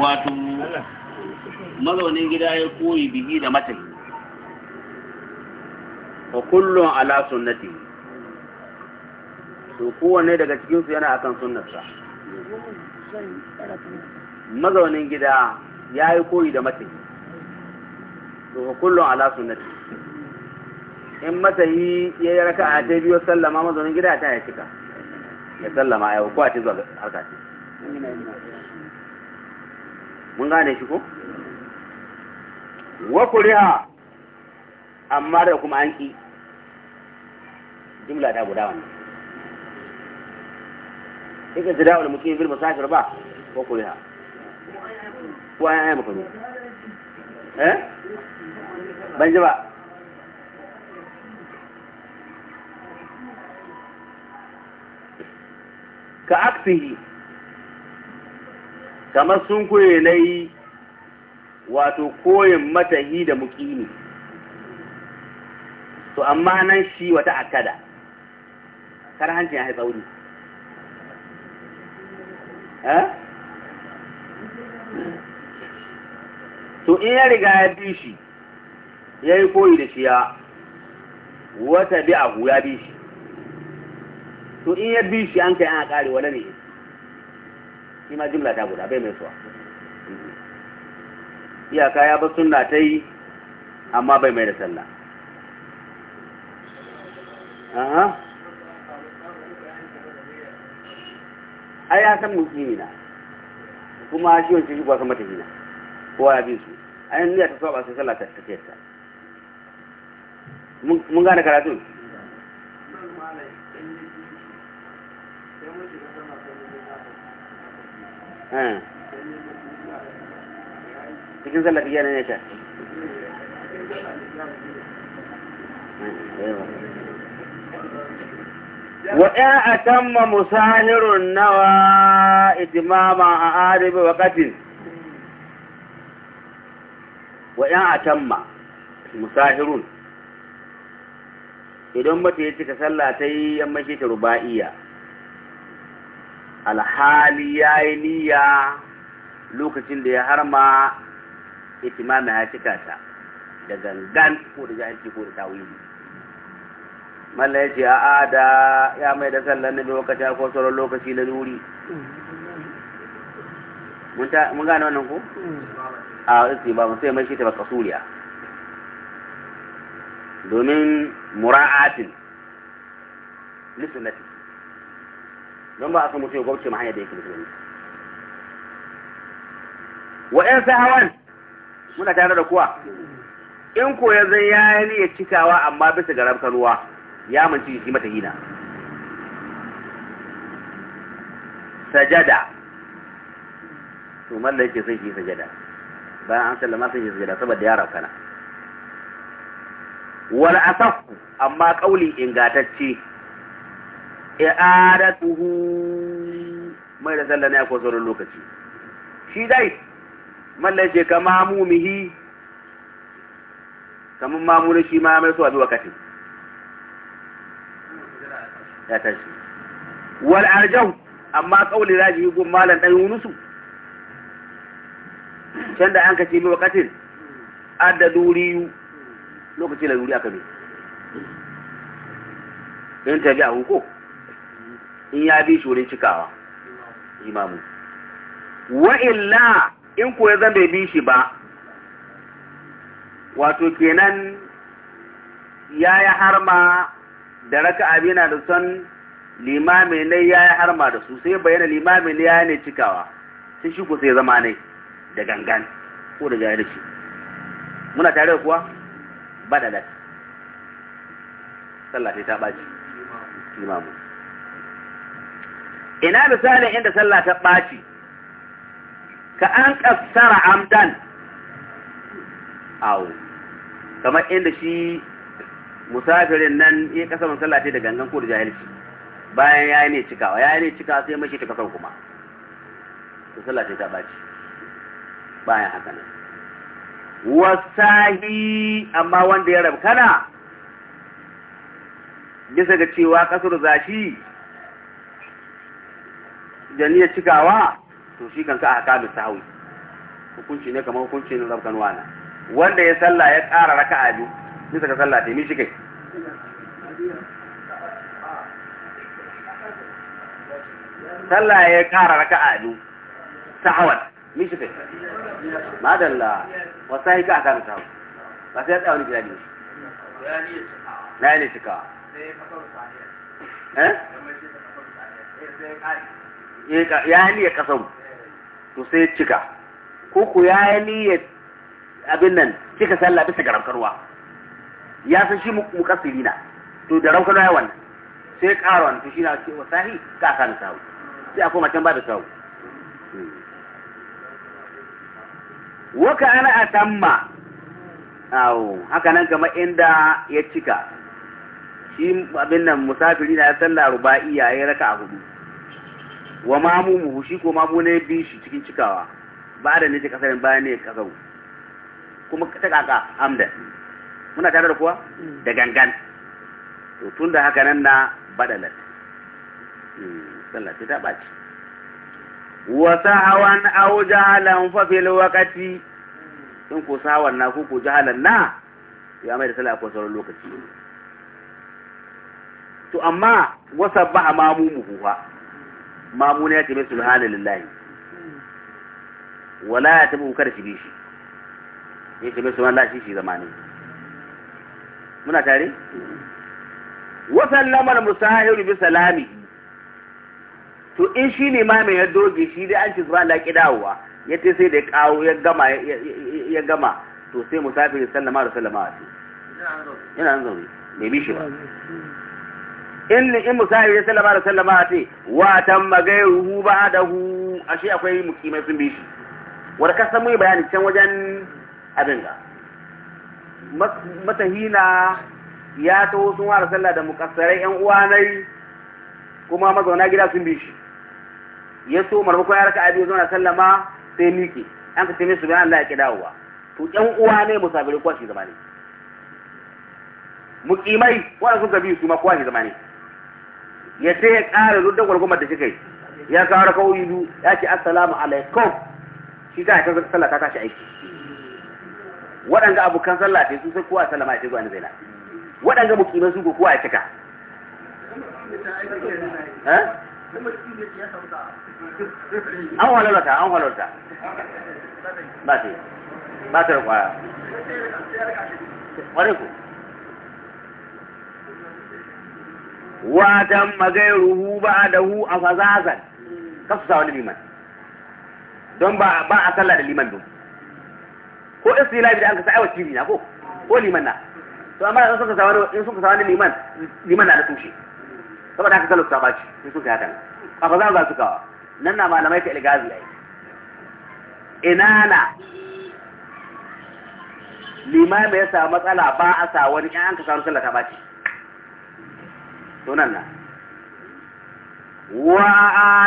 wato mazaunin gida ya koyi bihi da matayi wa kullum ala sunnati to kowanne daga cikinsu yana akan sunnarsa mazaunin gida ya yi koyi da matayi to wa kullum ala sunnati in matayi ya yi raka a ta biyu sallama mazaunin gida ta ya cika ya sallama ya ko a zuwa harka ce mun gane shi ko wa kuriha amma da kuma an ki jumla ta guda wannan ikin dawo da muke bil musafir ba ko kuriha ko an ayi maka eh ban ji ba ka aksihi kamar sun koye na yi wato koyin matahi da mukini to amma nan shi wata akada hancin ya haifa wuri to in ya riga ya bi shi ya yi koyi da shi ya wata bi abu ya bi shi to in ya bi shi an kai an a ƙare ne shi ma jimla ta guda bai mai suwa iyaka ya ba sunna ta yi amma bai mai da sallah aha ai ya san musulmi na kuma shi wancan shi kuwa mata gina kowa ya bi su ai niyya ta saba sai sallah ta tafiya ta mun gane karatun Eh. cikin sallar iya ne ta وإن أتم مساهر النوى إتماما أعارب وقت وإن idan mace ya cika sallah ta yi yammashi ta ruba'iya alhali ya yi niyya lokacin da ya harma itimami ya cika ta da gangan ko da jahilci ko da tawili malla ya ce a'a da ya mai da sallan na lokaci ko sauran lokaci na nuri mun gane wannan ko a wasu ba mu sai mai shi ta baka suriya domin mura'atin fi. don ba a san mutum ya gwamce ma hanyar da yake musulmi wa in sahawan muna tare da kuwa in ko ya zai ya yi niyyar cikawa amma bisa ga rabkan ruwa ya manci shi mata hina sajada to malla yake sai shi sajada bayan an sallama sai shi sajada saboda ya rabkana wal asaf amma kauli ingatacce i'adatuhu mai da sallah na ya kwazo lokaci shi dai mallan ce mihi kamun mamu na shi ma mai suwa zuwa katin ya tashi wal arjau amma kauli raji gun malan dan yunusu can da an kace biwa katin adda duriyu lokacin da duri aka bi in tabi a hukuku in ya bi shi wurin cikawa imamu wa illa in ko ya zan bai bi shi ba wato kenan ya yi harma da raka abina da son limami ne ya yi harma da su sai bayyana limami ne ya ne cikawa sai shi ku sai zama ne da gangan ko da jari shi muna tare kuwa ba da lati sallah ta ɓaci imamu ina misalin inda sallah ta ɓaci ka an ƙasara amdan awo kamar inda shi musafirin nan ya kasa sallah ce da gangan ko da jahilci bayan ya yi ne cikawa ya yi ne cika sai mashi ta kasar kuma to sallah ta ɓaci bayan haka nan wasahi amma wanda ya rabkana bisa ga cewa kasar zashi da niyyar cikawa to shi kanka a haka sahawi hukunci ne kamar hukuncin rabkan wana wanda ya salla ya ƙara raka a biyu nisa ka salla taimi shi kai salla ya ƙara raka a biyu sahawar mi shi kai madalla wasu sahi ka a kanu sahawi ba sai ya tsaya wani gida biyu na yi ne cikawa eh ya yi niyya to sai cika ko ku ya yi abin nan cika sallah bisa ga ya san shi mukassiri na to da ramkarwa ya wannan sai ƙara to shi na ce wa sahi ka ka da sai a koma can ba da sahu waka ana atamma awo haka nan kamar inda ya cika shi abin nan musafiri na ya sallah ruba'iya ya raka a hudu wa mu shi ko mamu ne bi shi cikin cikawa ba da ne ce kasarin baya ne kasau kuma ta kaka amda muna tare da kuwa mm. da gangan to tun da haka nan na badalat mm, sallah ta baci wa sahawan aw jahalan fa fil waqti in ko sahawan na ko ko jahalan na ya mai da sallah ko sauran lokaci to amma wasabba ba mamu muhu mamuna ya ce mai subhana lillahi wala ya taɓa kada shi shi ya ce mai subhana lillahi shi zama ne muna tare wa sallama al-musahir bi salami to in shi ne ma mai ya doge shi dai an ce subhana lillahi dawowa ya ce sai da ya kawo ya gama ya gama to sai musafir sallama da sallama a ce yana nan zaune bai bishi shi ba in in musahir ya sallama da sallama a ce wa da hu? A ashe akwai mukimai sun bi shi wanda ka san mu bayani can wajen abin ga matahina ya taho sun wara sallah da mukassarai yan uwa nai kuma mazauna gida sun bi shi ya so marmakon ya raka abi ya zauna sallama sai miƙe an ka taimai su bayan Allah ya ki dawowa to yan uwa ne musafirai kuwa shi zama ne mukimai wanda suka bi su ma kuwa shi zama ne ya ce ya ƙara duk da gwargwamar da suka yi ya kawo raka wuyu ya ce assalamu alaikum shi ta ta sallah ta tashi aiki waɗanda abokan sallah ta su sai kowa sallama ya ce gwani zaina waɗanda mukiman su kowa ya cika eh? an halarta an halarta ba ta ba ta kwaya ƙwarai ku watan magairuhu ba da hu a fazazan kasu sa wani liman don ba a sallah da liman don ko istilahi da an ka sa aiwa cibi na ko ko liman na to amma in suka sawar in suka sawar liman liman na da tushe saboda haka galusta ba ci in suka haka a fazazan za su kawa nan na malamai ka ilgazi ai inana limami ya sa matsala ba a sa wani in an ka sawar sallah ta bace. sunanna wa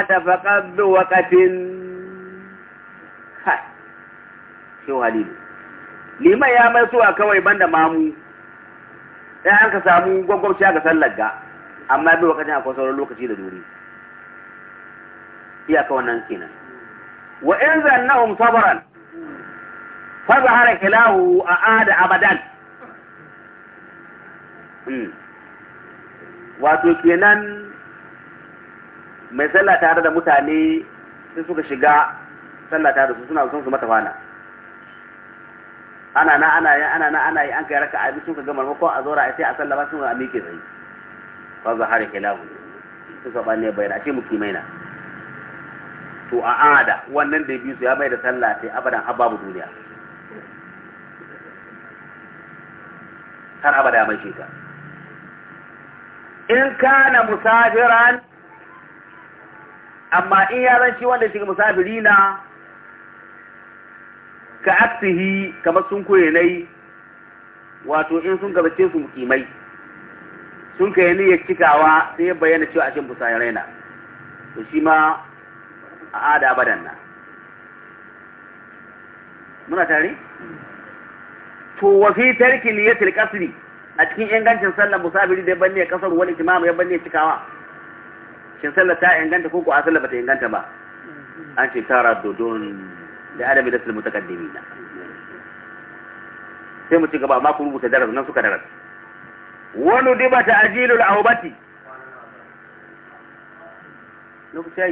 ada faqad waqatin ha shin halilu liman ya mai suwa kawai banda mamu sai an ka samu gwagwamci ga sallar ga amma bai wakacin akwai sauran lokaci da duri iyaka wannan kenan wa in zannahum sabaran fa zahara kilahu a ada abadan hmm. wato kenan mai sallah tare da mutane sun suka shiga sallah tare da su suna son su mata fana ana na ana yi ana na ana yi an kai raka abin ka gama maimakon a zora sai a sallah ba sun a miƙe zai ba za har kilahu su ba ne bayan ashe muke na to a ada wannan da biyu su ya mai da sallah sai abadan har duniya har abada mai shekara in kana musafiran amma in ya zan shi wanda shi musafiri na ka aksihi kamar sun koye nai wato in sun gabace su mukimai sun kai niyyar cikawa sai ya bayyana cewa a cikin musafirai na to shi ma a ada abadan na muna tare to wa fi tarki niyyatil qasri a cikin ingancin sallar musafiri da banne kasar wani imam ya banne cikawa shin sallar ta inganta ko ko a sallar bata inganta ba an ce tara dodon da adabi da sulmu takaddimi na sai mu ci gaba ma ku rubuta daras nan suka daras wani diba ta ajilul ahubati lokaci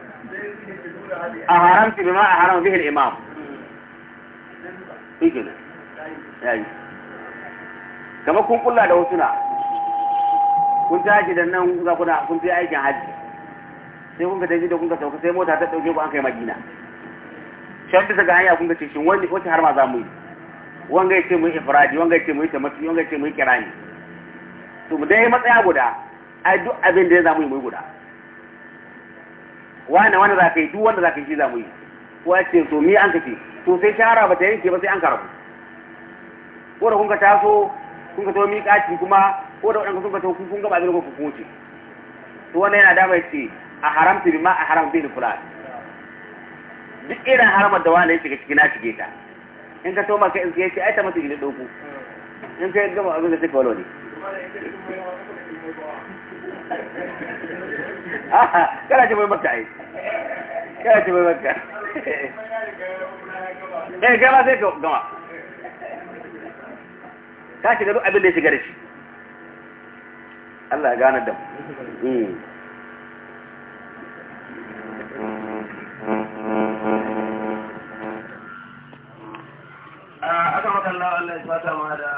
a haramta bima a haram bihin imam ikina yayi kamar kun kulla da hotuna kun tashi da nan za kuna kun fi aikin hajji sai kun ka tafi da kun ka sauka sai mota ta dauke ku an kai madina shan bisa ga hanya kun ka ce shin wani wace har ma za mu yi wanga ya ce mu yi ifradi wanga ya mu yi tamatu wanga ya mu yi kirani to mu dai matsaya guda ai duk abin da ya za mu yi mu yi guda wani wani za ka yi duk wanda za ka yi shi za mu yi ko ce to mi an kace to sai shahara ba ta yanke ba sai an karabu ko da kun ka taso kun ka mi miƙaci kuma ko da waɗanda sun ka taso kun ga ba zai ku kuce to wannan yana dama ya ce a haramta bi ma a haram bin fulan duk irin haramar da wani ya shiga ciki na shige ta in ka to ma kai in ka ai ta mutu gidan doku in ka yi gama abin da take walo ne kana ce mai makka ai kana ce mai makka eh gama sai ka gama ka shiga duk abin da ya shiga da shi Allah ya gane da mu hmm.